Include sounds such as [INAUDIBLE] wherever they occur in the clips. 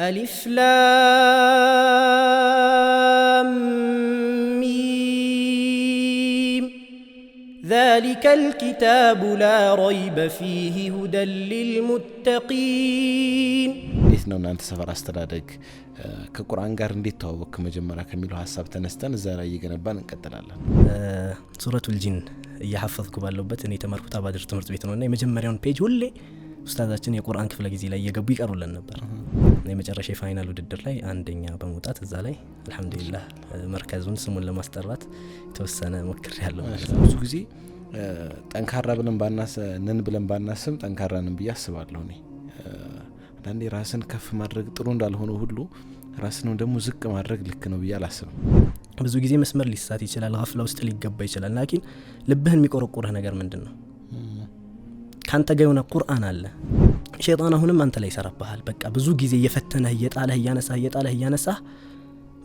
ألف لام ميم ذلك الكتاب لا ريب فيه هدى للمتقين እንዴት ነው እናንተ ሰፈር አስተዳደግ ከቁርአን ጋር እንዴት ተዋወቅ መጀመሪያ ከሚለው ሀሳብ ተነስተን እዛ ላይ እየገነባን እንቀጥላለን። ሱረቱል ጂን እያሐፈዝኩ ባለሁበት እኔ የተማርኩት አባድር ትምህርት ቤት ነው እና የመጀመሪያውን ፔጅ ሁሌ ኡስታዛችን የቁርአን ክፍለ ጊዜ ላይ እየገቡ ይቀሩልን ነበር። የመጨረሻ የፋይናል ውድድር ላይ አንደኛ በመውጣት እዛ ላይ አልሐምዱሊላህ መርከዙን ስሙን ለማስጠራት የተወሰነ ሞክር ያለው ብዙ ጊዜ ጠንካራ ብለን ንን ብለን ባናስም ጠንካራ ንን ብዬ አስባለሁ እኔ። አንዳንዴ ራስን ከፍ ማድረግ ጥሩ እንዳልሆነ ሁሉ ራስንም ደግሞ ዝቅ ማድረግ ልክ ነው ብዬ አላስብም። ብዙ ጊዜ መስመር ሊሳት ይችላል፣ ሀፍላ ውስጥ ሊገባ ይችላል። ላኪን ልብህን የሚቆረቁረህ ነገር ምንድን ነው? ከአንተ ጋ የሆነ ቁርአን አለ ሸይጣን አሁንም አንተ ላይ ይሰራብሃል። በቃ ብዙ ጊዜ እየፈተነህ እየጣለህ እያነሳህ እየጣለህ እያነሳህ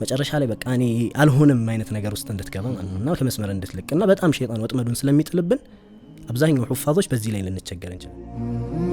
መጨረሻ ላይ በቃ እኔ አልሆንም አይነት ነገር ውስጥ እንድትገባ ማለት ነው እና ከመስመር እንድትልቅና በጣም ሸይጣን ወጥመዱን ስለሚጥልብን አብዛኛው ሑፋዞች በዚህ ላይ ልንቸገር እንችላለን።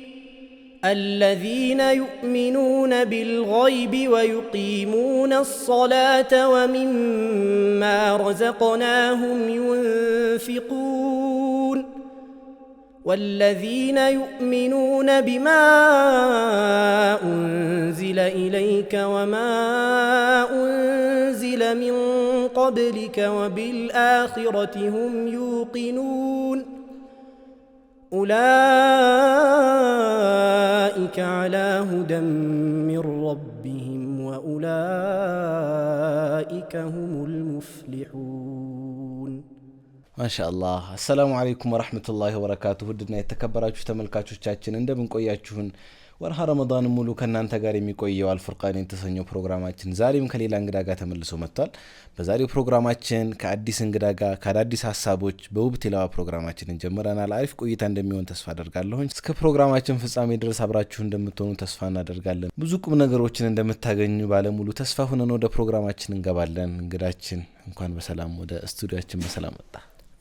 الذين يؤمنون بالغيب ويقيمون الصلاه ومما رزقناهم ينفقون والذين يؤمنون بما انزل اليك وما انزل من قبلك وبالاخره هم يوقنون اولئك أولئك على هدى من ربهم وأولئك هم المفلحون ما شاء الله السلام عليكم ورحمة الله وبركاته ودنا يتكبرات في تملكات وشتاتشن اندبن قوياتشون ወርሃ ረመዳን ሙሉ ከእናንተ ጋር የሚቆየው አልፉርቃን የተሰኘው ፕሮግራማችን ዛሬም ከሌላ እንግዳ ጋር ተመልሶ መጥቷል። በዛሬው ፕሮግራማችን ከአዲስ እንግዳ ጋር ከአዳዲስ ሀሳቦች በውብ ቴላዋ ፕሮግራማችን እንጀምረናል። አሪፍ ቆይታ እንደሚሆን ተስፋ አደርጋለሁኝ። እስከ ፕሮግራማችን ፍጻሜ ድረስ አብራችሁ እንደምትሆኑ ተስፋ እናደርጋለን። ብዙ ቁም ነገሮችን እንደምታገኙ ባለሙሉ ተስፋ ሁነን ወደ ፕሮግራማችን እንገባለን። እንግዳችን እንኳን በሰላም ወደ ስቱዲያችን በሰላም መጣ።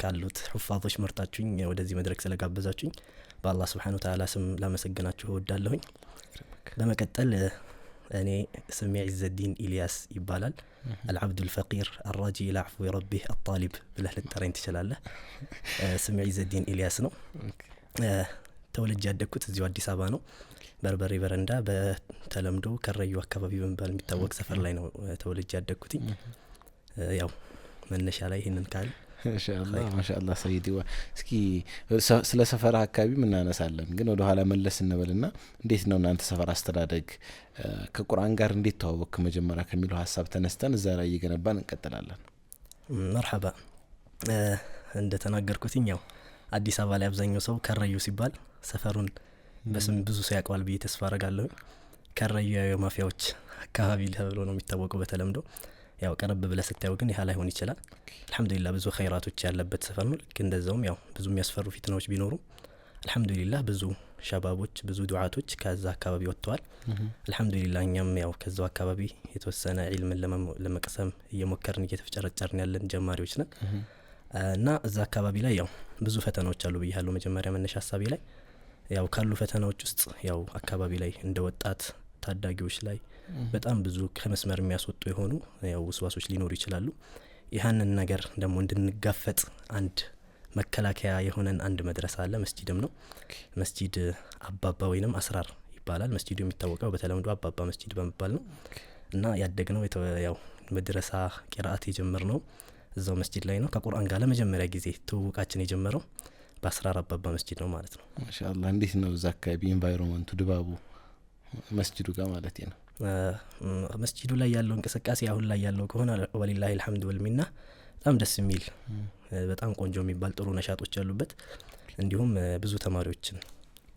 ካሉት ሁፋዞች መርጣችሁኝ ወደዚህ መድረክ ስለጋበዛችሁኝ በአላህ ስብሓን ወተዓላ ስም ላመሰግናችሁ እወዳለሁኝ። በመቀጠል እኔ ስሜ ዒዘዲን ኢልያስ ይባላል። አልዓብዱል ፈቂር አራጂ ኢላ ዕፍዊ ረቢህ አጣሊብ ብለህ ልጠራኝ ትችላለህ። ስሜ ዒዘዲን ኢልያስ ነው። ተወልጄ ያደግኩት እዚሁ አዲስ አበባ ነው። በርበሬ በረንዳ በተለምዶ ከረዩ አካባቢ በመባል የሚታወቅ ሰፈር ላይ ነው ተወልጄ ያደግኩትኝ። ያው መነሻ ላይ ይህንን ካል ማሻላ ማሻአላ ሰይድ እስኪ ስለ ሰፈራ አካባቢ እናነሳለን፣ ግን ወደ ኋላ መለስ እንበልና እንዴት ነው እናንተ ሰፈር አስተዳደግ ከቁርአን ጋር እንዴት ተዋወቅክ መጀመሪያ ከሚለው ሀሳብ ተነስተን እዛ ላይ እየገነባን እንቀጥላለን። መርሓባ እንደ ያው አዲስ አበባ ላይ አብዛኛው ሰው ከረዩ ሲባል ሰፈሩን በስም ብዙ ሰው ያውቀዋል ብዬ ተስፋ አረጋለሁ። ከረዩ የማፊያዎች አካባቢ ተብሎ ነው የሚታወቀው በተለምዶ ያው ቀረብ ብለ ስታየው ግን ያህ ላይሆን ይችላል። አልሐምዱሊላህ ብዙ ኸይራቶች ያለበት ሰፈር ነው። ልክ እንደዛውም ያው ብዙ የሚያስፈሩ ፊትናዎች ቢኖሩም አልሐምዱሊላህ ብዙ ሸባቦች ብዙ ዱዓቶች ከዛ አካባቢ ወጥተዋል። አልሐምዱሊላህ እኛም ያው ከዛው አካባቢ የተወሰነ ዒልምን ለመቅሰም እየሞከርን እየተፍጨረጨርን ያለን ጀማሪዎች ነን እና እዛ አካባቢ ላይ ያው ብዙ ፈተናዎች አሉ ብያለሁ መጀመሪያ መነሻ ሀሳቢ ላይ ያው ካሉ ፈተናዎች ውስጥ ያው አካባቢ ላይ እንደ ወጣት ታዳጊዎች ላይ በጣም ብዙ ከመስመር የሚያስወጡ የሆኑ ያው ውስዋሶች ሊኖሩ ይችላሉ። ይህንን ነገር ደግሞ እንድንጋፈጥ አንድ መከላከያ የሆነን አንድ መድረሳ አለ። መስጂድም ነው። መስጂድ አባባ ወይንም አስራር ይባላል። መስጂዱ የሚታወቀው በተለምዶ አባባ መስጂድ በመባል ነው እና ያደግ ነው ያው መድረሳ ቂራአት የጀምር ነው እዛው መስጂድ ላይ ነው። ከቁርአን ጋር ለመጀመሪያ ጊዜ ትውውቃችን የጀመረው በአስራር አባባ መስጂድ ነው ማለት ነው። ማሻላ እንዴት ነው እዛ አካባቢ ኢንቫይሮንመንቱ ድባቡ? መስጅዱ ጋር ማለት ነው። መስጅዱ ላይ ያለው እንቅስቃሴ አሁን ላይ ያለው ከሆነ ወሊላ ልሐምድ ወልሚና በጣም ደስ የሚል በጣም ቆንጆ የሚባል ጥሩ ነሻጦች ያሉበት እንዲሁም ብዙ ተማሪዎችን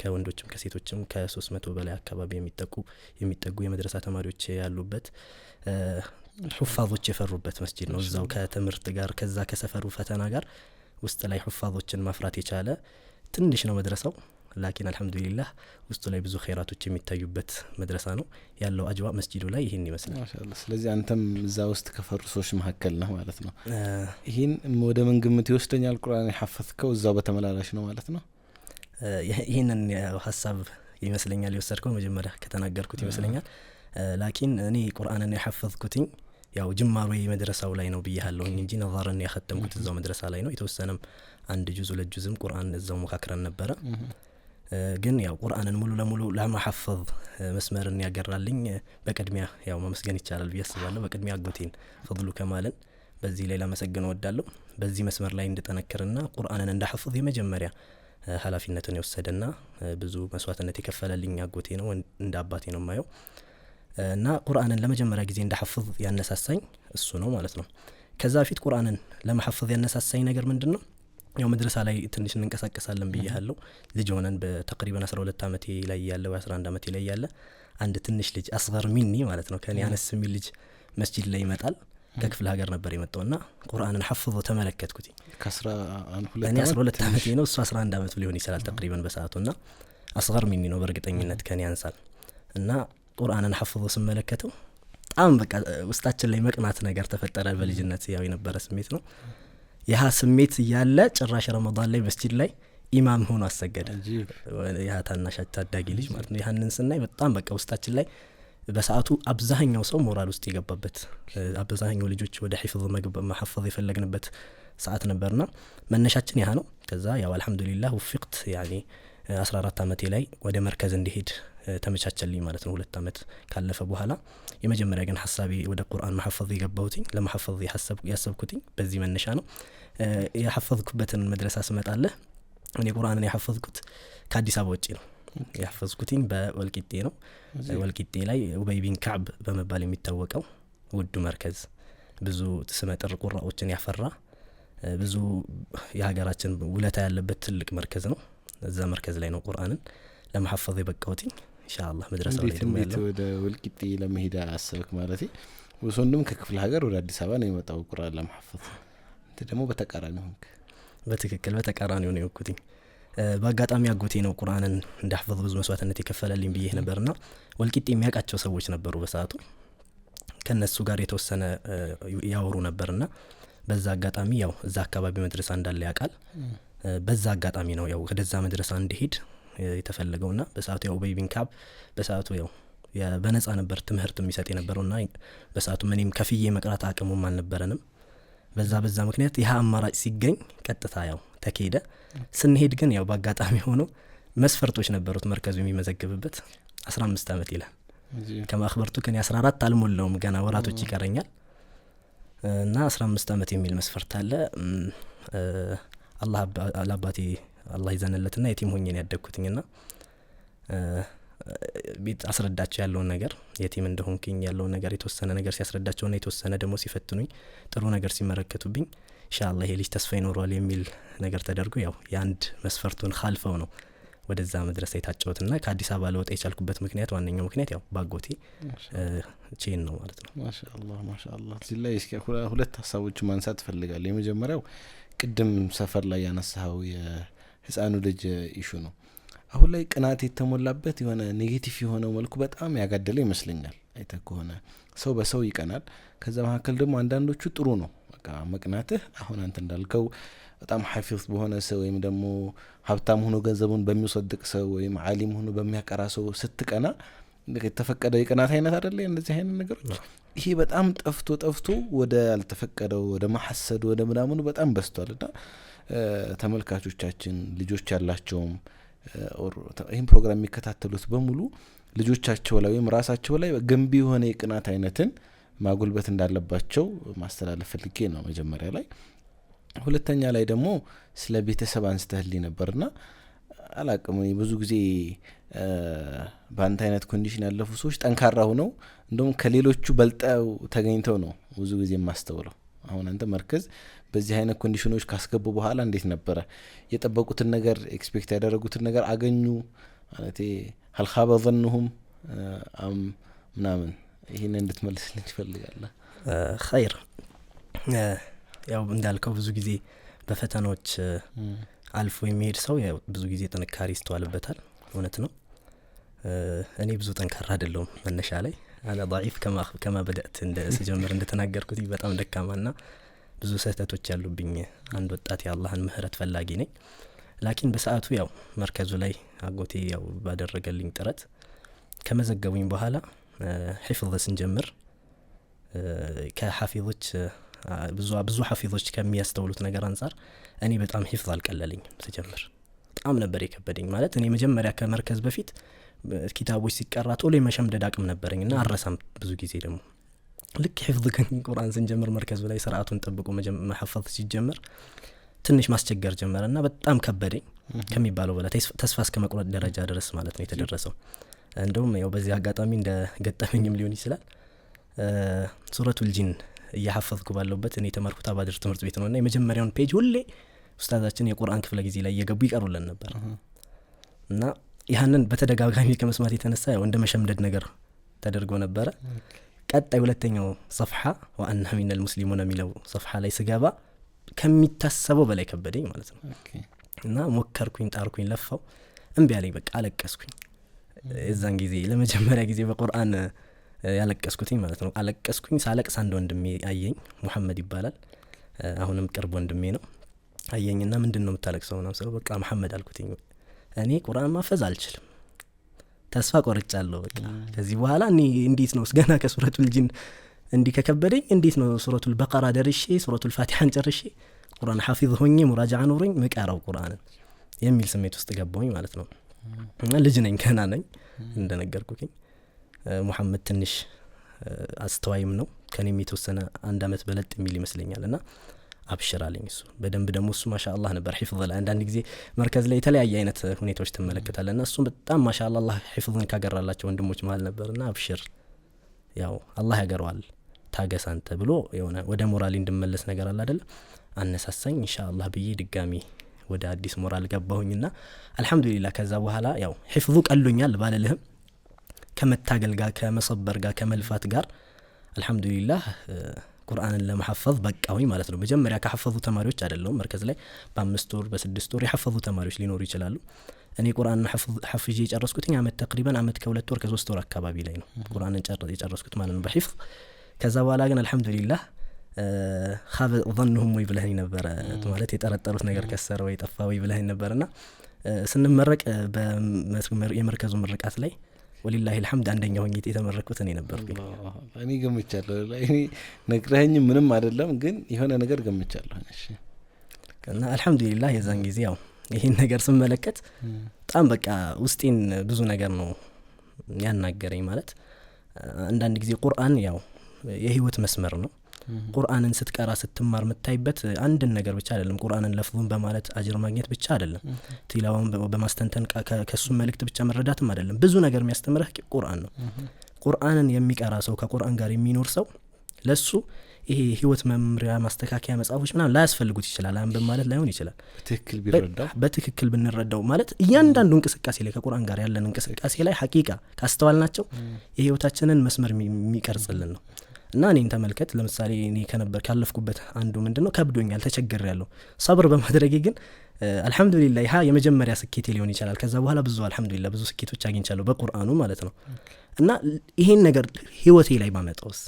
ከወንዶችም ከሴቶችም ከሶስት መቶ በላይ አካባቢ የሚጠቁ የሚጠጉ የመድረሳ ተማሪዎች ያሉበት ሑፋዞች የፈሩበት መስጂድ ነው። እዛው ከትምህርት ጋር ከዛ ከሰፈሩ ፈተና ጋር ውስጥ ላይ ሑፋዞችን ማፍራት የቻለ ትንሽ ነው መድረሰው። ላኪን አልሐምዱሊላህ ውስጡ ላይ ብዙ ኸይራቶች የሚታዩበት መድረሳ ነው ያለው። አጅዋ መስጂዱ ላይ ይህን ይመስላል። ስለዚህ አንተም እዛ ውስጥ ከፈሩ ሰዎች መካከል ነህ ማለት ነው። ይህን ወደ ምን ግምት ይወስደኛል? ቁርአን የሐፈትከው እዛው በተመላላሽ ነው ማለት ነው። ይህንን ሀሳብ ይመስለኛል የወሰድከው መጀመሪያ ከተናገርኩት ይመስለኛል። ላኪን እኔ ቁርአንን የሐፈትኩትኝ ያው ጅማሮ መድረሳው ላይ ነው ብያለሁኝ እንጂ ነዛርን ያከተምኩት እዛው መድረሳ ላይ ነው። የተወሰነም አንድ ጁዝ ሁለት ጁዝም ቁርአን እዛው መካክረን ነበረ ግን ያው ቁርአንን ሙሉ ለሙሉ ለማሐፈዝ መስመርን ያገራልኝ በቅድሚያ ያው መመስገን ይቻላል ብዬ አስባለሁ። በቅድሚያ አጎቴን ፍሉ ከማልን በዚህ ላይ ላመሰግን እወዳለሁ። በዚህ መስመር ላይ እንድጠነክርና ቁርአንን እንዳሐፍዝ የመጀመሪያ ኃላፊነትን የወሰደና ብዙ መስዋዕትነት የከፈለልኝ አጎቴ ነው፣ እንደ አባቴ ነው የማየው እና ቁርአንን ለመጀመሪያ ጊዜ እንዳሐፍዝ ያነሳሳኝ እሱ ነው ማለት ነው። ከዛ በፊት ቁርአንን ለማሐፈዝ ያነሳሳኝ ነገር ምንድን ነው? ያው መድረሳ ላይ ትንሽ እንንቀሳቀሳለን ብያለው ልጅ ሆነን በተቅሪበን አስራ ሁለት ዓመቴ ላይ ያለ ወይ አስራ አንድ ዓመቴ ላይ ያለ አንድ ትንሽ ልጅ አስገር ሚኒ ማለት ነው ከኔ አነስ የሚል ልጅ መስጂድ ላይ ይመጣል። ከክፍለ ሀገር ነበር የመጣው ና ቁርአንን ሐፍዞ ተመለከትኩት። እኔ አስራ ሁለት አመቴ ነው እሱ አስራ አንድ አመቱ ሊሆን ይችላል ተቅሪበን በሰአቱ ና አስገር ሚኒ ነው በእርግጠኝነት ከኔ ያንሳል እና ቁርአንን ሐፍዞ ስመለከተው በጣም በቃ ውስጣችን ላይ መቅናት ነገር ተፈጠረ። በልጅነት ያው የነበረ ስሜት ነው ያህ ስሜት እያለ ጭራሽ ረመዳን ላይ መስጂድ ላይ ኢማም ሆኖ አሰገደ። ያህ ታናሽ ታዳጊ ልጅ ማለት ነው። ያንን ስናይ በጣም በቃ ውስጣችን ላይ በሰዓቱ አብዛኛው ሰው ሞራል ውስጥ የገባበት አብዛኛው ልጆች ወደ ሒፍዝ መሐፈዝ የፈለግንበት ሰዓት ነበርና መነሻችን ያህ ነው። ከዛ ያው አልሐምዱሊላህ ውፊቅት ያኔ አስራ አራት ዓመቴ ላይ ወደ መርከዝ እንዲሄድ ተመቻቸልኝ ማለት ነው። ሁለት ዓመት ካለፈ በኋላ የመጀመሪያ ግን ሀሳቤ ወደ ቁርአን መሐፈዝ የገባሁትኝ ለመሐፈዝ ያሰብኩትኝ በዚህ መነሻ ነው። የሐፈዝኩበትን መድረሳ ስመጣለህ እኔ ቁርአንን ያሐፈዝኩት ከአዲስ አበባ ውጭ ነው። ያሐፈዝኩትኝ በወልቂጤ ነው። ወልቂጤ ላይ ኡበይ ቢን ካዕብ በመባል የሚታወቀው ውዱ መርከዝ ብዙ ስመጥር ቁራዎችን ያፈራ ብዙ የሀገራችን ውለታ ያለበት ትልቅ መርከዝ ነው። እዛ መርከዝ ላይ ነው ቁርአንን ለመሐፈዝ የበቃሁትኝ። ኢንሻአላህ መድረሳ ላይ ደግሞ ወደ ወልቂጤ ለመሄድ አሰብክ ማለት ወንድም ከክፍለ ሀገር ወደ አዲስ አበባ ነው የመጣው ቁርአን ለማሐፈዝ እንት ደግሞ በተቃራኒ ሆንክ በትክክል በተቃራኒ ሆነ የወኩት። በአጋጣሚ አጎቴ ነው ቁርአንን እንዳሕፈዝ ብዙ መስዋዕትነት የከፈለልኝ ብዬ ነበርና ወልቂጤ የሚያውቃቸው ሰዎች ነበሩ በሰዓቱ ከእነሱ ጋር የተወሰነ ያወሩ ነበርና በዛ አጋጣሚ ያው እዛ አካባቢ መድረሳ እንዳለ ያውቃል በዛ አጋጣሚ ነው ያው ወደዛ መድረሳ እንዲሄድ የተፈለገው ና በሰአቱ ያው ቤቢን ካብ በሰአቱ ያው በነጻ ነበር ትምህርት የሚሰጥ የነበረው ና በሰአቱ እኔም ከፍዬ መቅራት አቅሙም አልነበረንም። በዛ በዛ ምክንያት ይህ አማራጭ ሲገኝ ቀጥታ ያው ተካሄደ። ስንሄድ ግን ያው በአጋጣሚ ሆኖ መስፈርቶች ነበሩት መርከዙ የሚመዘግብበት አስራ አምስት አመት ይላል ከማክበርቱ ከኔ አስራ አራት አልሞላውም ገና ወራቶች ይቀረኛል እና አስራ አምስት አመት የሚል መስፈርት አለ። አላህ ለአባቴ አላህ ይዘንለትና የቲም ሆኜ ያደግኩትኝና ያደግኩትኝ ና ቤት አስረዳቸው ያለውን ነገር የቲም እንደሆንክኝ ያለውን ነገር የተወሰነ ነገር ሲያስረዳቸውና የተወሰነ ደግሞ ሲፈትኑኝ ጥሩ ነገር ሲመለከቱብኝ እንሻላ ይሄ ልጅ ተስፋ ይኖረዋል የሚል ነገር ተደርጎ ያው የአንድ መስፈርቱን ካልፈው ነው ወደዛ መድረስ የታጨሁት ና ከአዲስ አበባ ለወጣ የቻልኩበት ምክንያት ዋነኛው ምክንያት ያው ባጎቴ ቼን ነው ማለት ነው። ማሻላ ማሻላ እዚህ ላይ እስኪ ሁለት ሀሳቦች ማንሳት እፈልጋለሁ። የመጀመሪያው ቅድም ሰፈር ላይ ያነሳኸው ህፃኑ ልጅ ኢሹ ነው። አሁን ላይ ቅናት የተሞላበት የሆነ ኔጌቲቭ የሆነው መልኩ በጣም ያጋደለው ይመስለኛል። አይተ ከሆነ ሰው በሰው ይቀናል። ከዛ መካከል ደግሞ አንዳንዶቹ ጥሩ ነው በቃ መቅናትህ፣ አሁን አንተ እንዳልከው በጣም ሐፊዝ በሆነ ሰው ወይም ደግሞ ሀብታም ሆኖ ገንዘቡን በሚወሰድቅ ሰው ወይም አሊም ሆኖ በሚያቀራ ሰው ስትቀና የተፈቀደው የቅናት አይነት አደለ? እነዚህ አይነት ነገሮች ይሄ በጣም ጠፍቶ ጠፍቶ ወደ አልተፈቀደው ወደ ማሐሰዱ ወደ ምናምኑ በጣም በስቷል እና ተመልካቾቻችን ልጆች ያላቸውም ይህን ፕሮግራም የሚከታተሉት በሙሉ ልጆቻቸው ላይ ወይም ራሳቸው ላይ ገንቢ የሆነ የቅናት አይነትን ማጉልበት እንዳለባቸው ማስተላለፍ ፈልጌ ነው መጀመሪያ ላይ። ሁለተኛ ላይ ደግሞ ስለ ቤተሰብ አንስተህልኝ ነበርና አላቅም ብዙ ጊዜ በአንተ አይነት ኮንዲሽን ያለፉ ሰዎች ጠንካራ ሆነው እንደውም ከሌሎቹ በልጠው ተገኝተው ነው ብዙ ጊዜ የማስተውለው። አሁን አንተ መርከዝ በዚህ አይነት ኮንዲሽኖች ካስገቡ በኋላ እንዴት ነበረ የጠበቁትን ነገር ኤክስፔክት ያደረጉትን ነገር አገኙ ማለቴ ሀልካበ ዘንሁም ምናምን ይህን እንድትመልስልኝ ይፈልጋለ ኸይር ያው እንዳልከው ብዙ ጊዜ በፈተናዎች አልፎ የሚሄድ ሰው ብዙ ጊዜ ጥንካሬ ይስተዋልበታል እውነት ነው እኔ ብዙ ጠንካራ አይደለውም መነሻ ላይ አነ ضعيف كما كما بدأت እንደ ስጀምር እንደተናገርኩት በጣም ደካማና ብዙ ስህተቶች ያሉብኝ አንድ ወጣት የአላህን ምህረት ፈላጊ ነኝ። ላኪን በሰዓቱ ያው መርከዙ ላይ አጎቴ ያው ባደረገልኝ ጥረት ከመዘገቡኝ በኋላ ሒፍዝ ስንጀምር ከሓፊዞች ብዙ ብዙ ሐፊዞች ከሚያስተውሉት ነገር አንጻር እኔ በጣም ሒፍዝ አልቀለልኝም። ስጀምር በጣም ነበር የከበደኝ። ማለት እኔ መጀመሪያ ከመርከዝ በፊት ኪታቦች ሲቀራ ቶሎ የመሸምደድ አቅም ነበረኝ እና አረሳም ብዙ ጊዜ ደግሞ ልክ ሒፍዝ ግን ቁርአን ስንጀምር መርከዙ ላይ ስርአቱን ጠብቆ መሐፈዝ ሲጀምር ትንሽ ማስቸገር ጀመረ እና በጣም ከበደኝ ከሚባለው በላ ተስፋ እስከ መቁረጥ ደረጃ ድረስ ማለት ነው የተደረሰው። እንደውም ያው በዚህ አጋጣሚ እንደ ገጠመኝም ሊሆን ይችላል ሱረቱ ልጂን እያሐፈዝኩ ባለሁበት እኔ የተማርኩት አባድር ትምህርት ቤት ነው እና የመጀመሪያውን ፔጅ ሁሌ ውስታዛችን የቁርአን ክፍለ ጊዜ ላይ እየገቡ ይቀሩለን ነበር እና ያንን በተደጋጋሚ ከመስማት የተነሳ እንደ መሸምደድ ነገር ተደርጎ ነበረ። ቀጣይ ሁለተኛው ሰፍሓ ዋአና ሚና ልሙስሊሙን የሚለው ሰፍሓ ላይ ስገባ ከሚታሰበው በላይ ከበደኝ ማለት ነው። እና ሞከርኩኝ፣ ጣርኩኝ፣ ለፋው፣ እምቢ ያለኝ በቃ አለቀስኩኝ። የዛን ጊዜ ለመጀመሪያ ጊዜ በቁርአን ያለቀስኩትኝ ማለት ነው። አለቀስኩኝ። ሳለቅስ አንድ ወንድሜ አየኝ፣ ሙሐመድ ይባላል። አሁንም ቅርብ ወንድሜ ነው። አየኝና ምንድን ነው የምታለቅሰው ምናምን ስለው በቃ መሐመድ አልኩትኝ። እኔ ቁርአን ማፈዝ አልችልም። ተስፋ ቆርጫለሁ። በቃ ከዚህ በኋላ እኔ እንዴት ነው ገና ከሱረቱል ጂን እንዲህ ከከበደኝ እንዴት ነው ሱረቱል በቀራ ደርሼ ሱረቱል ፋቲሐን ጨርሼ ቁርአን ሐፊዝ ሆኜ ሙራጃዓ ኖረኝ ምቀረው ቁርአንን የሚል ስሜት ውስጥ ገባሁኝ ማለት ነው። እና ልጅ ነኝ ገና ነኝ እንደነገርኩኝ። ሙሐመድ ትንሽ አስተዋይም ነው ከኔም የተወሰነ አንድ አመት በለጥ የሚል ይመስለኛል እና አብሽር እሱ በደንብ ደግሞ እሱ ማሻ አላህ ነበር ሒፍዝ ላይ አንዳንድ ጊዜ መርከዝ ላይ የተለያየ አይነት ሁኔታዎች ትመለከታለ እና እሱም በጣም ማሻ አላህ ሒፍዝን ካገራላቸው ወንድሞች መሀል ነበርና አብሽር ያው አላህ ያገረዋል ታገስ አንተ ብሎ የሆነ ወደ ሞራል እንድመለስ ነገር አለ አደለም አነሳሳኝ እንሻ አላህ ብዬ ድጋሚ ወደ አዲስ ሞራል ና አልሐምዱሊላህ ከዛ በኋላ ያው ሒፍዙ ቀሎኛል ባለልህም ከመታገል ጋር ከመሰበር ጋር ከመልፋት ጋር አልሐምዱሊላህ ቁርአንን ለመሐፈዝ በቃሁኝ ማለት ነው። መጀመሪያ ከሐፈዙ ተማሪዎች አይደለሁም። መርከዝ ላይ በአምስት ወር በስድስት ወር የሐፈዙ ተማሪዎች ሊኖሩ ይችላሉ። እኔ ቁርአንን ሐፍዤ የጨረስኩት አመት ተቅሪበን አመት ከሁለት ወር ከሶስት ወር አካባቢ ላይ ነው ቁርአንን የጨረስኩት ማለት ነው በሒፍዝ። ከዛ በኋላ ግን አልሐምዱሊላህ ኻበ ظንሁም ወይ ብለህኝ ነበረ ማለት የጠረጠሩት ነገር ከሰረ ወይ ጠፋ ወይ ብለህኝ ነበርና ስንመረቅ የመርከዙ ምርቃት ላይ ወሊላ ልሐምድ አንደኛ ሆኜ የተመረኩት እኔ ነበርኩኝ። እኔ ገምቻለሁ። ነግረኸኝም ምንም አይደለም ግን የሆነ ነገር ገምቻለሁ። እና አልሐምዱሊላህ የዛን ጊዜ ያው ይህን ነገር ስመለከት በጣም በቃ ውስጤን ብዙ ነገር ነው ያናገረኝ። ማለት አንዳንድ ጊዜ ቁርአን ያው የህይወት መስመር ነው ቁርአንን ስትቀራ ስትማር የምታይበት አንድን ነገር ብቻ አይደለም። ቁርአንን ለፍቡን በማለት አጅር ማግኘት ብቻ አይደለም። ቲላዋን በማስተንተን ከሱ መልእክት ብቻ መረዳትም አይደለም። ብዙ ነገር የሚያስተምርህ ቁርአን ነው። ቁርአንን የሚቀራ ሰው ከቁርአን ጋር የሚኖር ሰው ለሱ ይሄ ህይወት መምሪያ ማስተካከያ መጽሐፎች ምናምን ላያስፈልጉት ይችላል። አንብብ ማለት ላይሆን ይችላል። በትክክል በትክክል ብንረዳው ማለት እያንዳንዱ እንቅስቃሴ ላይ ከቁርአን ጋር ያለን እንቅስቃሴ ላይ ሀቂቃ ካስተዋል ናቸው የህይወታችንን መስመር የሚቀርጽልን ነው። እና እኔን ተመልከት። ለምሳሌ እኔ ከነበር ካለፍኩበት አንዱ ምንድን ነው ከብዶኛል፣ ተቸግር ያለው ሰብር በማድረጌ ግን አልሐምዱሊላ ይሀ የመጀመሪያ ስኬቴ ሊሆን ይችላል። ከዛ በኋላ ብዙ አልሐምዱሊላ ብዙ ስኬቶች አግኝቻለሁ በቁርአኑ ማለት ነው። እና ይሄን ነገር ህይወቴ ላይ ባመጣውስ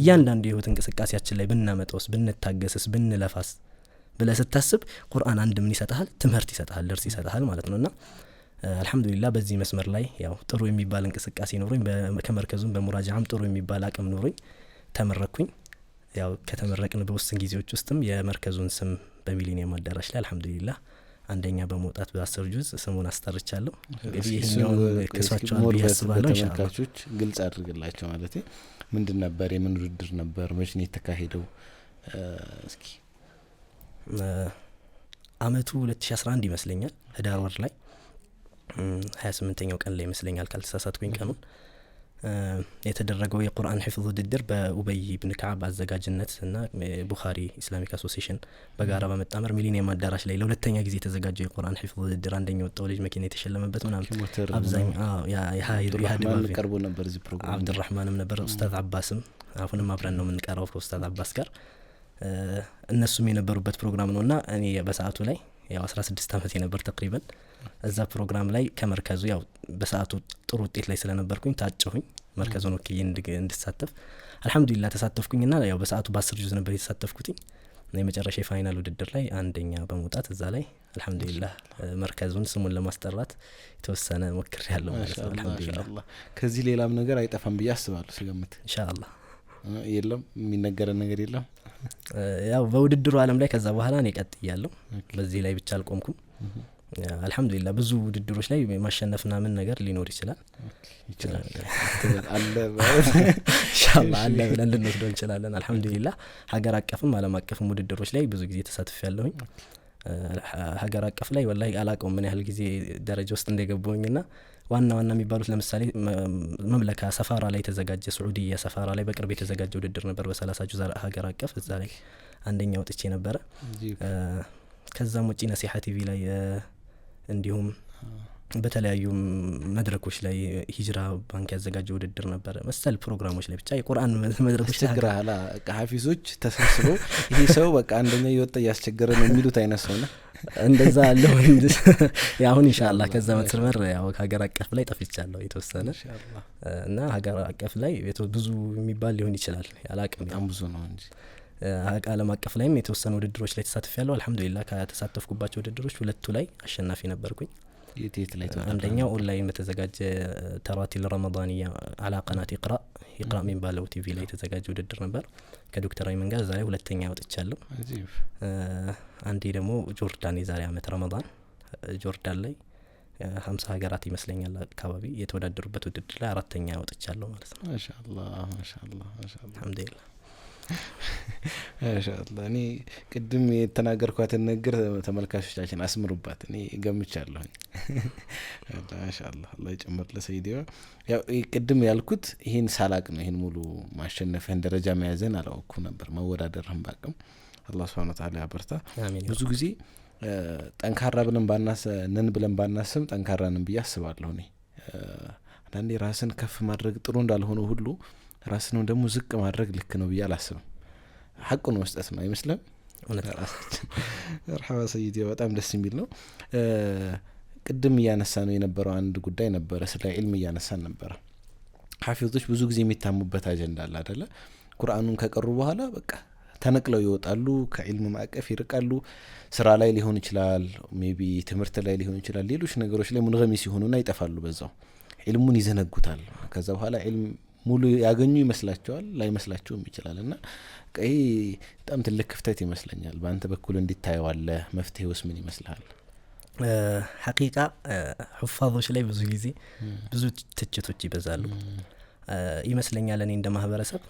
እያንዳንዱ የህይወት እንቅስቃሴያችን ላይ ብናመጣውስ ብንታገስስ ብንለፋስ ብለስታስብ ስታስብ ቁርአን አንድ ምን ይሰጠሃል? ትምህርት ይሰጠሃል፣ ደርስ ይሰጠሃል ማለት ነው እና አልሐምዱሊላ በዚህ መስመር ላይ ያው ጥሩ የሚባል እንቅስቃሴ ኖሮኝ ከመርከዙም በሙራጃም ጥሩ የሚባል አቅም ኖሮኝ ተመረኩኝ። ያው ከተመረቅን በውስን ጊዜዎች ውስጥም የመርከዙን ስም በሚሊኒየም አዳራሽ ላይ አልሐምዱሊላ አንደኛ በመውጣት በአስር ጁዝ ስሙን አስጠርቻለሁ። እንግዲህ ግልጽ አድርግላቸው ማለት ምንድን ነበር? የምን ውድድር ነበር? መቼ ነው የተካሄደው? እስኪ አመቱ 2011 ይመስለኛል ህዳር ወር ላይ ሀያ ስምንተኛው ቀን ላይ ይመስለኛል ካልተሳሳትኩኝ ቀኑን የተደረገው የቁርአን ሒፍዝ ውድድር በኡበይ ብን ከዓብ አዘጋጅነት እና ቡኻሪ ኢስላሚክ አሶሲሽን በጋራ በመጣመር ሚሊኒየም አዳራሽ ላይ ለሁለተኛ ጊዜ የተዘጋጀው የቁርአን ሒፍዝ ውድድር አንደኛ ወጣው ልጅ መኪና የተሸለመበት ምናምን ነበር። አብድራህማንም ነበር፣ ኡስታዝ አባስም አሁንም አብረን ነው የምንቀረው ከኡስታዝ አባስ ጋር እነሱም የነበሩበት ፕሮግራም ነው እና እኔ በሰአቱ ላይ ያው አስራ ስድስት አመት የነበር ተቅሪበን እዛ ፕሮግራም ላይ ከመርከዙ ያው በሰአቱ ጥሩ ውጤት ላይ ስለነበርኩኝ ታጨሁኝ መርከዙን ወክዬ እንድሳተፍ አልሐምዱሊላ ተሳተፍኩኝ ና ያው በሰአቱ በአስር ጁዝ ነበር የተሳተፍኩትኝ የመጨረሻ የፋይናል ውድድር ላይ አንደኛ በመውጣት እዛ ላይ አልሐምዱሊላ መርከዙን ስሙን ለማስጠራት የተወሰነ ሞክር ያለው ማለት ነው። ከዚህ ሌላም ነገር አይጠፋም ብዬ አስባለሁ ስገምት ኢንሻአላህ የለም የሚነገረን ነገር የለም። ያው በውድድሩ አለም ላይ ከዛ በኋላ እኔ እያለው በዚህ ላይ ብቻ አልቆምኩም። አልሐምዱሊላ ብዙ ውድድሮች ላይ ማሸነፍና ምን ነገር ሊኖር ይችላል ይችላልአለ አለ [LAUGHS] ብለን ልንወስደው እንችላለን። አልሐምዱሊላ ሀገር አቀፍም አለም አቀፍም ውድድሮች ላይ ብዙ ጊዜ ተሳትፍ ያለሁኝ ሀገር አቀፍ ላይ ወላሂ አላውቀውም ምን ያህል ጊዜ ደረጃ ውስጥ ና ዋና ዋና የሚባሉት ለምሳሌ መምለካ ሰፋራ ላይ የተዘጋጀ ስዑዲያ ሰፋራ ላይ በቅርብ የተዘጋጀ ውድድር ነበር በሰላሳ ሀገር አቀፍ እዛ ላይ አንደኛ ወጥቼ ነበረ። ከዛም ውጪ ነሲሐ ቲቪ ላይ እንዲሁም በተለያዩ መድረኮች ላይ ሂጅራ ባንክ ያዘጋጀው ውድድር ነበረ። መሰል ፕሮግራሞች ላይ ብቻ የቁርአን መድረኮች ችግርላ ሀፊዞች ተሰብስበው ይሄ ሰው በቃ አንደኛ እየወጣ እያስቸገረ ነው የሚሉት አይነት ሰው ና እንደዛ አለው። አሁን እንሻላ ከዛ መትርመር ያው ሀገር አቀፍ ላይ ጠፍቻለሁ የተወሰነ እና ሀገር አቀፍ ላይ ብዙ የሚባል ሊሆን ይችላል ያላቅም ብዙ ነው እንጂ አለም አቀፍ ላይም የተወሰኑ ውድድሮች ላይ ተሳትፍ ያለው አልሐምዱሊላ ከተሳተፍኩባቸው ውድድሮች ሁለቱ ላይ አሸናፊ ነበርኩኝ። አንደኛው ኦንላይን በተዘጋጀ ተራቲል ረመዳንያ አላ ቀናት ይቅራ ይቅራ የሚባለው ቲቪ ላይ የተዘጋጀ ውድድር ነበር ከዶክተር አይመን ጋር ዛሬ ሁለተኛ ወጥቻለሁ። አንዴ ደግሞ ጆርዳን የዛሬ አመት ረመዳን ጆርዳን ላይ ሀምሳ ሀገራት ይመስለኛል አካባቢ የተወዳደሩበት ውድድር ላይ አራተኛ ወጥቻለሁ ማለት ነው። ማሻአላህ አልሐምዱሊላህ [LAUGHS] ማሻአላ እኔ ቅድም የተናገርኳትን ንግግር ተመልካቾቻችን አስምሩባት። እኔ ገምቻለሁኝ። [LAUGHS] ማሻአላ አላህ ጭምር ለሰይዲዋ። ያው ቅድም ያልኩት ይህን ሳላቅ ነው። ይህን ሙሉ ማሸነፍህን ደረጃ መያዘን አላወቅኩ ነበር። መወዳደርህን ባቅም አላህ ሱብሓነሁ ወተዓላ ያበርታ። ብዙ ጊዜ ጠንካራ ብለን ነን ብለን ባናስም ጠንካራ ነን ብዬ አስባለሁ። እኔ አንዳንዴ ራስን ከፍ ማድረግ ጥሩ እንዳልሆነ ሁሉ ራስንም ደግሞ ዝቅ ማድረግ ልክ ነው ብዬ አላስብም። ሐቁን መስጠት ነው አይመስለም? እውነት ራሳችን ሰይድ በጣም ደስ የሚል ነው። ቅድም እያነሳ ነው የነበረው አንድ ጉዳይ ነበረ፣ ስለ ዒልም እያነሳን ነበረ። ሀፊዞች ብዙ ጊዜ የሚታሙበት አጀንዳ አለ አደለ? ቁርአኑን ከቀሩ በኋላ በቃ ተነቅለው ይወጣሉ፣ ከዒልም ማዕቀፍ ይርቃሉ። ስራ ላይ ሊሆን ይችላል፣ ሜይ ቢ ትምህርት ላይ ሊሆን ይችላል፣ ሌሎች ነገሮች ላይ ሙንገሚ ሲሆኑና ይጠፋሉ። በዛው ዒልሙን ይዘነጉታል። ከዛ በኋላ ዒልም ሙሉ ያገኙ ይመስላቸዋል፣ ላይመስላቸውም ይችላል እና ቀይ በጣም ትልቅ ክፍተት ይመስለኛል። በአንተ በኩል እንዲታየዋለ መፍትሄ ውስጥ ምን ይመስልሃል? ሐቂቃ ሑፋዞች ላይ ብዙ ጊዜ ብዙ ትችቶች ይበዛሉ ይመስለኛል። እኔ እንደ ማህበረሰብ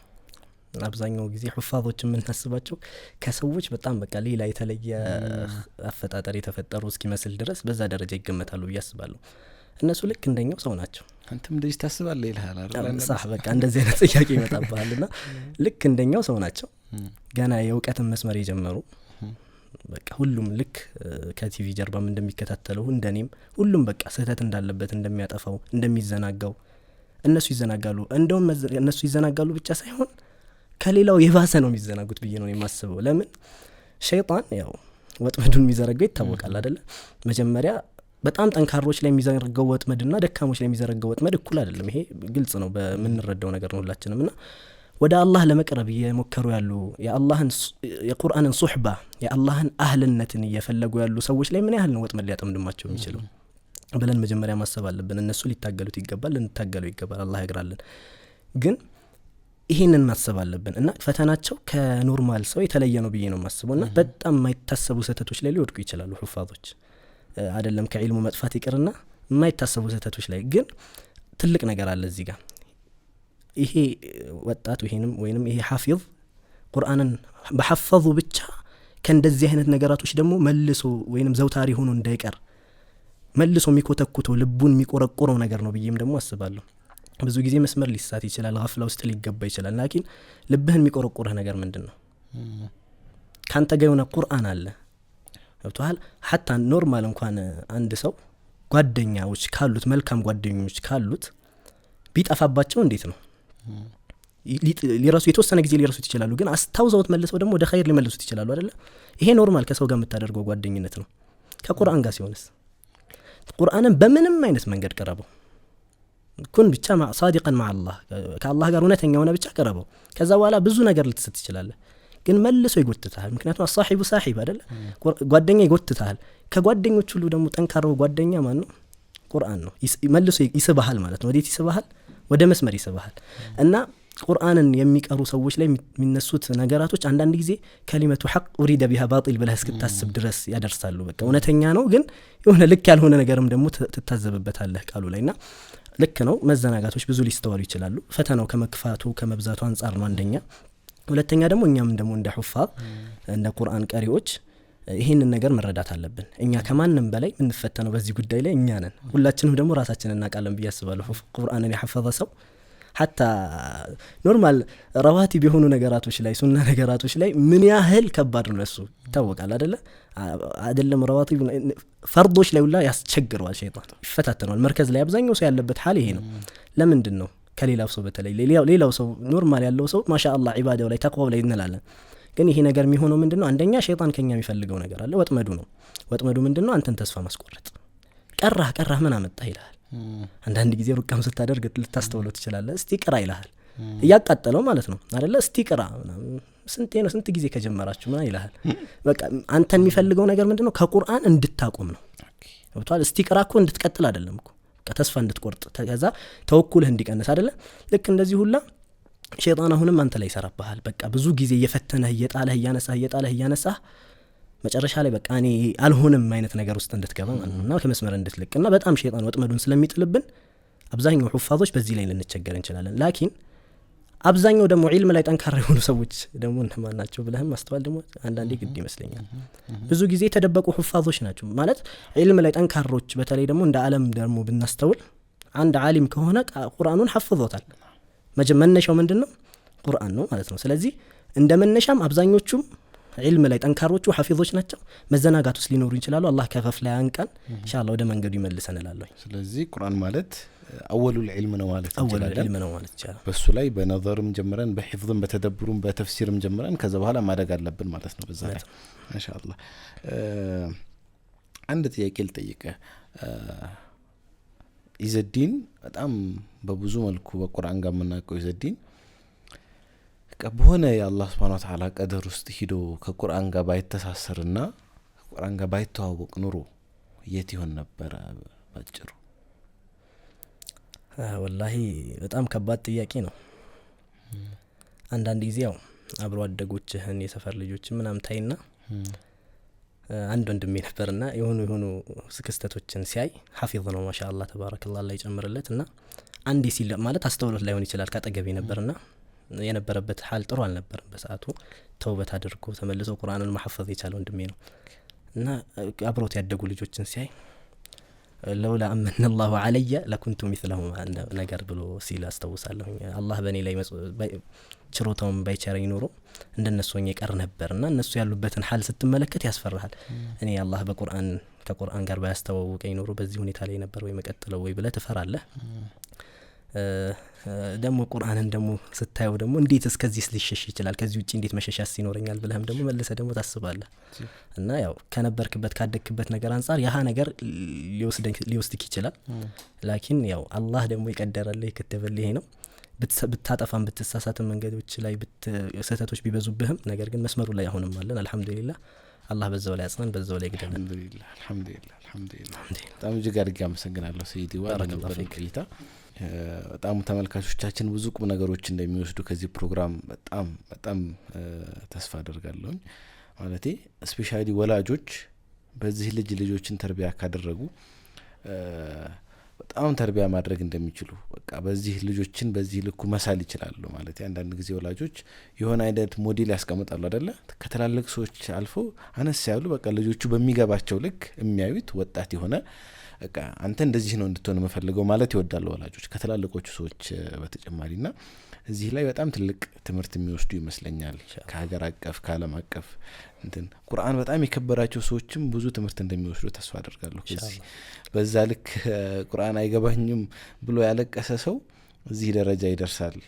አብዛኛው ጊዜ ሑፋዞች የምናስባቸው ከሰዎች በጣም በቃ ሌላ የተለየ አፈጣጠር የተፈጠሩ እስኪመስል ድረስ በዛ ደረጃ ይገመታሉ ብዬ አስባለሁ። እነሱ ልክ እንደኛው ሰው ናቸው። አንተም እንደዚህ ታስባለ ይልሃል በቃ እንደዚህ አይነት ጥያቄ ይመጣብሃል። ና [LAUGHS] ልክ እንደኛው ሰው ናቸው። ገና የእውቀትን መስመር የጀመሩ በቃ ሁሉም ልክ ከቲቪ ጀርባም እንደሚከታተለው እንደኔም ሁሉም በቃ ስህተት እንዳለበት እንደሚያጠፋው፣ እንደሚዘናጋው እነሱ ይዘናጋሉ። እንደውም እነሱ ይዘናጋሉ ብቻ ሳይሆን ከሌላው የባሰ ነው የሚዘናጉት ብዬ ነው የማስበው። ለምን ሸይጣን ያው ወጥመዱን የሚዘረገው ይታወቃል አደለ? መጀመሪያ በጣም ጠንካሮች ላይ የሚዘረገው ወጥመድና ደካሞች ላይ የሚዘረገው ወጥመድ እኩል አይደለም። ይሄ ግልጽ ነው፣ በምንረዳው ነገር ነው ሁላችንም እና ወደ አላህ ለመቅረብ እየሞከሩ ያሉ የአላህን የቁርአንን ሱሕባ የአላህን አህልነትን እየፈለጉ ያሉ ሰዎች ላይ ምን ያህል ነው ወጥመድ ሊያጠምድማቸው የሚችሉ ብለን መጀመሪያ ማሰብ አለብን። እነሱ ሊታገሉት ይገባል፣ ልንታገሉ ይገባል። አላህ ያግራለን ግን ይህንን ማሰብ አለብን እና ፈተናቸው ከኖርማል ሰው የተለየ ነው ብዬ ነው የማስበው እና በጣም የማይታሰቡ ስህተቶች ላይ ሊወድቁ ይችላሉ ሑፋዞች አይደለም ከዒልሙ መጥፋት ይቅርና የማይታሰቡ ስህተቶች ላይ ግን ትልቅ ነገር አለ እዚህ ጋር ይሄ ወጣት ወይንም ወይንም ይሄ ሐፊዝ ቁርአንን በሐፈዙ ብቻ ከእንደዚህ አይነት ነገራቶች ደግሞ መልሶ ወይንም ዘውታሪ ሆኖ እንዳይቀር መልሶ የሚኮተኩተው ልቡን የሚቆረቁረው ነገር ነው ብዬም ደግሞ አስባለሁ። ብዙ ጊዜ መስመር ሊሳት ይችላል፣ ፍላ ውስጥ ሊገባ ይችላል። ላኪን ልብህን የሚቆረቁረህ ነገር ምንድን ነው? ከአንተ ጋ የሆነ ቁርአን አለ ገብተዋል ሀታ ኖርማል እንኳን አንድ ሰው ጓደኛዎች ካሉት መልካም ጓደኞች ካሉት ቢጠፋባቸው እንዴት ነው ሊረሱ የተወሰነ ጊዜ ሊረሱት ይችላሉ፣ ግን አስታውሰውት መልሰው ደግሞ ወደ ኸይር ሊመልሱት ይችላሉ አደለ ይሄ ኖርማል ከሰው ጋር የምታደርገው ጓደኝነት ነው። ከቁርአን ጋር ሲሆንስ ቁርአንን በምንም አይነት መንገድ ቀረበው ኩን ብቻ ሳዲቀን አላህ ከአላህ ጋር እውነተኛ ሆነ ብቻ ቀረበው። ከዛ በኋላ ብዙ ነገር ልትሰጥ ትችላለህ። ግን መልሶ ይጎትታል። ምክንያቱም አሳሒቡ ሳሒብ አይደለ? ጓደኛ ይጎትታል። ከጓደኞች ሁሉ ደግሞ ጠንካራው ጓደኛ ማን ነው? ቁርአን ነው። መልሶ ይስባሃል ማለት ነው። ወዴት ይስባሃል? ወደ መስመር ይስባሃል እና ቁርአንን የሚቀሩ ሰዎች ላይ የሚነሱት ነገራቶች አንዳንድ ጊዜ ከሊመቱ ሐቅ ኡሪደ ቢሃ ባጢል ብለህ እስክታስብ ድረስ ያደርሳሉ። በቃ እውነተኛ ነው ግን የሆነ ልክ ያልሆነ ነገርም ደግሞ ትታዘብበታለህ ቃሉ ላይ ና ልክ ነው። መዘናጋቶች ብዙ ሊስተዋሉ ይችላሉ። ፈተናው ከመክፋቱ ከመብዛቱ አንጻር ነው አንደኛ ሁለተኛ ደግሞ እኛም ደግሞ እንደ ሑፋዝ እንደ ቁርአን ቀሪዎች ይህንን ነገር መረዳት አለብን። እኛ ከማንም በላይ የምንፈተነው በዚህ ጉዳይ ላይ እኛ ነን። ሁላችንም ደግሞ ራሳችን እናውቃለን ብዬ አስባለሁ። ቁርአንን የሐፈዘ ሰው ሀታ ኖርማል ረዋቲ የሆኑ ነገራቶች ላይ ሱና ነገራቶች ላይ ምን ያህል ከባድ ነው ለሱ ይታወቃል አደለ አደለም ረዋቲብ ፈርዶች ላይ ሁላ ያስቸግረዋል። ሸይጣን ይፈታተነዋል። መርከዝ ላይ አብዛኛው ሰው ያለበት ሀል ይሄ ነው። ለምንድን ነው ከሌላው ሰው በተለይ ሌላው ሰው ኖርማል ያለው ሰው ማሻአላ ዒባዳው ላይ ተቅዋው ላይ እንላለን። ግን ይሄ ነገር የሚሆነው ምንድን ነው? አንደኛ ሸይጣን ከኛ የሚፈልገው ነገር አለ። ወጥመዱ ነው። ወጥመዱ ምንድን ነው? አንተን ተስፋ ማስቆረጥ። ቀራህ ቀራህ ምን አመጣህ ይልሃል። አንዳንድ ጊዜ ሩቃም ስታደርግ ልታስተውለው ትችላለህ። እስቲ ቅራ ይልሃል። እያቃጠለው ማለት ነው አደለ? እስቲ ቅራ ስንቴ ነው ስንት ጊዜ ከጀመራችሁ ምና ይልሃል። በቃ አንተን የሚፈልገው ነገር ምንድን ነው? ከቁርአን እንድታቆም ነው። ብቷል። እስቲ ቅራ እኮ እንድትቀጥል አደለም እኮ በቃ ተስፋ እንድትቆርጥ ከዛ ተወኩልህ እንዲቀንስ አደለ ልክ እንደዚህ ሁላ ሸይጣን አሁንም አንተ ላይ ይሰራብሃል። በቃ ብዙ ጊዜ እየፈተነህ እየጣለህ እያነሳህ እየጣለህ እያነሳህ መጨረሻ ላይ በቃ እኔ አልሆንም አይነት ነገር ውስጥ እንድትገባ ማለት ነው እና ከመስመር እንድትልቅ እና በጣም ሸይጣን ወጥመዱን ስለሚጥልብን አብዛኛው ሑፋዞች በዚህ ላይ ልንቸገር እንችላለን ላኪን አብዛኛው ደግሞ ዒልም ላይ ጠንካራ የሆኑ ሰዎች ደግሞ እነማን ናቸው ብለህም ማስተዋል ደግሞ አንዳንዴ ግድ ይመስለኛል። ብዙ ጊዜ የተደበቁ ሁፋዞች ናቸው ማለት ዒልም ላይ ጠንካሮች። በተለይ ደግሞ እንደ አለም ደግሞ ብናስተውል አንድ አሊም ከሆነ ቁርአኑን ሐፍዞታል። መነሻው ምንድን ነው? ቁርአን ነው ማለት ነው። ስለዚህ እንደ መነሻም አብዛኞቹም ዒልም ላይ ጠንካሮቹ ሐፊዞች ናቸው። መዘናጋት ውስጥ ሊኖሩ ይችላሉ። አላህ ከፈፍ ላይ አንቀን ኢንሻላህ ወደ መንገዱ ይመልሰን ስለዚህ ቁርአን ማለት አወሉል ዒልም ነው ማለት ዒልም ነው ማለት ይቻላል። በሱ ላይ በነዘርም ጀምረን በሒፍዝም በተደብሩም በተፍሲርም ጀምረን ከዛ በኋላ ማደግ አለብን ማለት ነው። በዛ ላይ እንሻአላህ አንድ ጥያቄ ልጠይቀ ኢዘዲን በጣም በብዙ መልኩ በቁርአን ጋር የምናውቀው ኢዘዲን በሆነ የአላህ ስብሃነ ወተዓላ ቀደር ውስጥ ሂዶ ከቁርአን ጋር ባይተሳሰርና ከቁርአን ጋር ባይተዋወቅ ኑሮ የት ይሆን ነበረ ባጭሩ? ወላሂ በጣም ከባድ ጥያቄ ነው። አንዳንድ ጊዜ ያው አብሮ አደጎችህን የሰፈር ልጆችን ምናምን ታይና አንድ ወንድሜ ነበርና የሆኑ የሆኑ ክስተቶችን ሲያይ ሀፊዝ ነው ማሻ አላህ ላ አላህ ይጨምርለት እና አንዴ ሲል ማለት አስተውሎት ላይሆን ይችላል ካጠገቤ ና የነበረበት ሀል ጥሩ አልነበርም በሰአቱ ተውበት አድርጎ ተመልሶ ቁርአኑን ማሐፈዝ የቻለ ወንድሜ ነው እና አብሮት ያደጉ ልጆችን ሲያይ ለውላ አመነ ላሁ አለየ ለኩንቱ ሚስለሁ ነገር ብሎ ሲል አስታውሳለሁኝ። አላህ በእኔ ላይ ችሮታውን ባይቸረኝ ኖሮ እንደ ሆኜ ቀር ነበር እና እነሱ ያሉበትን ሀል ስትመለከት ያስፈራሃል። እኔ አላህ በቁርአን ከቁርአን ጋር ባያስተዋውቀኝ ኖሮ በዚህ ሁኔታ ላይ ነበር ወይ መቀጥለው ወይ ብለህ ትፈራለህ። ደግሞ ቁርአንን ደግሞ ስታየው ደግሞ እንዴት እስከዚህ ሊሸሽ ይችላል? ከዚህ ውጭ እንዴት መሸሻስ ይኖረኛል? ብለህም ደግሞ መልሰ ደግሞ ታስባለ እና ያው ከነበርክበት ካደግክበት ነገር አንጻር ያሀ ነገር ሊወስድክ ይችላል። ላኪን ያው አላህ ደግሞ የቀደረልህ የከተበልህ ይሄ ነው። ብታጠፋም ብትሳሳትም መንገዶች ላይ ስህተቶች ቢበዙብህም ነገር ግን መስመሩ ላይ አሁንም አለን። አልሐምዱሊላ አላህ በዛው ላይ አጽናን፣ በዛው ላይ ግደል። በጣም እጅግ አድጌ አመሰግናለሁ ሰይድ ዋ ለነበረን በጣም ተመልካቾቻችን ብዙ ቁም ነገሮች እንደሚወስዱ ከዚህ ፕሮግራም በጣም በጣም ተስፋ አደርጋለሁኝ። ማለቴ ስፔሻሊ ወላጆች በዚህ ልጅ ልጆችን ተርቢያ ካደረጉ በጣም ተርቢያ ማድረግ እንደሚችሉ በቃ በዚህ ልጆችን በዚህ ልኩ መሳል ይችላሉ። ማለት አንዳንድ ጊዜ ወላጆች የሆነ አይነት ሞዴል ያስቀምጣሉ አደለ? ከትላልቅ ሰዎች አልፎ አነስ ያሉ በቃ ልጆቹ በሚገባቸው ልክ የሚያዩት ወጣት የሆነ በቃ አንተ እንደዚህ ነው እንድትሆን የምፈልገው ማለት ይወዳሉ ወላጆች ከትላልቆቹ ሰዎች በተጨማሪ ና እዚህ ላይ በጣም ትልቅ ትምህርት የሚወስዱ ይመስለኛል። ከሀገር አቀፍ ከአለም አቀፍ እንትን ቁርአን በጣም የከበራቸው ሰዎችም ብዙ ትምህርት እንደሚወስዱ ተስፋ አደርጋለሁ። በዛ ልክ ቁርአን አይገባኝም ብሎ ያለቀሰ ሰው እዚህ ደረጃ ይደርሳል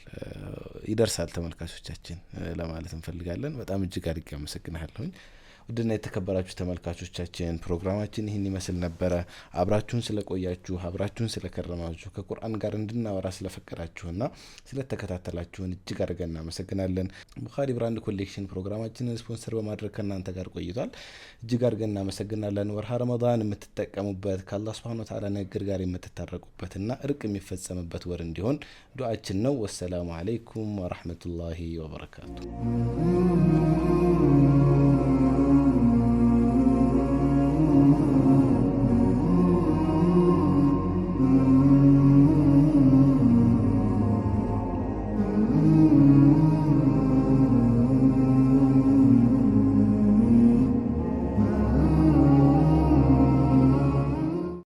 ይደርሳል ተመልካቾቻችን ለማለት እንፈልጋለን። በጣም እጅግ አድርጌ አመሰግናለሁኝ። ውድና የተከበራችሁ ተመልካቾቻችን ፕሮግራማችን ይህን ይመስል ነበረ። አብራችሁን ስለቆያችሁ አብራችሁን ስለከረማችሁ ከቁርአን ጋር እንድናወራ ስለፈቀዳችሁና ስለተከታተላችሁን እጅግ አድርገን እናመሰግናለን። ቡኻሪ ብራንድ ኮሌክሽን ፕሮግራማችንን ስፖንሰር በማድረግ ከእናንተ ጋር ቆይቷል። እጅግ አድርገን እናመሰግናለን። ወርሃ ረመዳን የምትጠቀሙበት ከአላህ ሱብሃነሁ ወተዓላ ንግግር ጋር የምትታረቁበትና እርቅ የሚፈጸምበት ወር እንዲሆን دعاتنا والسلام عليكم ورحمة الله وبركاته